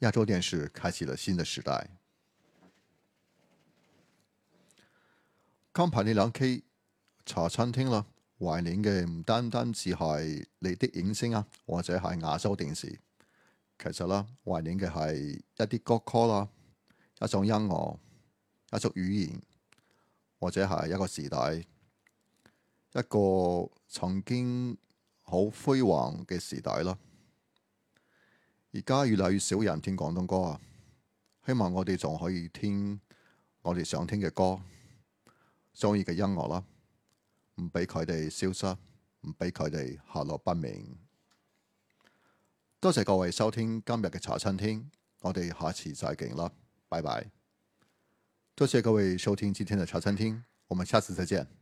亞洲電視開啟了新的時代。今天呢兩期茶餐廳啦，懷念嘅唔單單只係麗的映聲啊，或者係亞洲電視。其實啦，懷念嘅係一啲歌曲啦，一種音樂，一種語言，或者係一個時代，一個曾經好輝煌嘅時代啦。而家越嚟越少人聽廣東歌啊！希望我哋仲可以聽我哋想聽嘅歌、中意嘅音樂啦，唔俾佢哋消失，唔俾佢哋下落不明。多謝各位收聽今日嘅茶餐廳，我哋下次再見啦，拜拜！多謝各位收聽今天的茶餐廳，我們下次再見。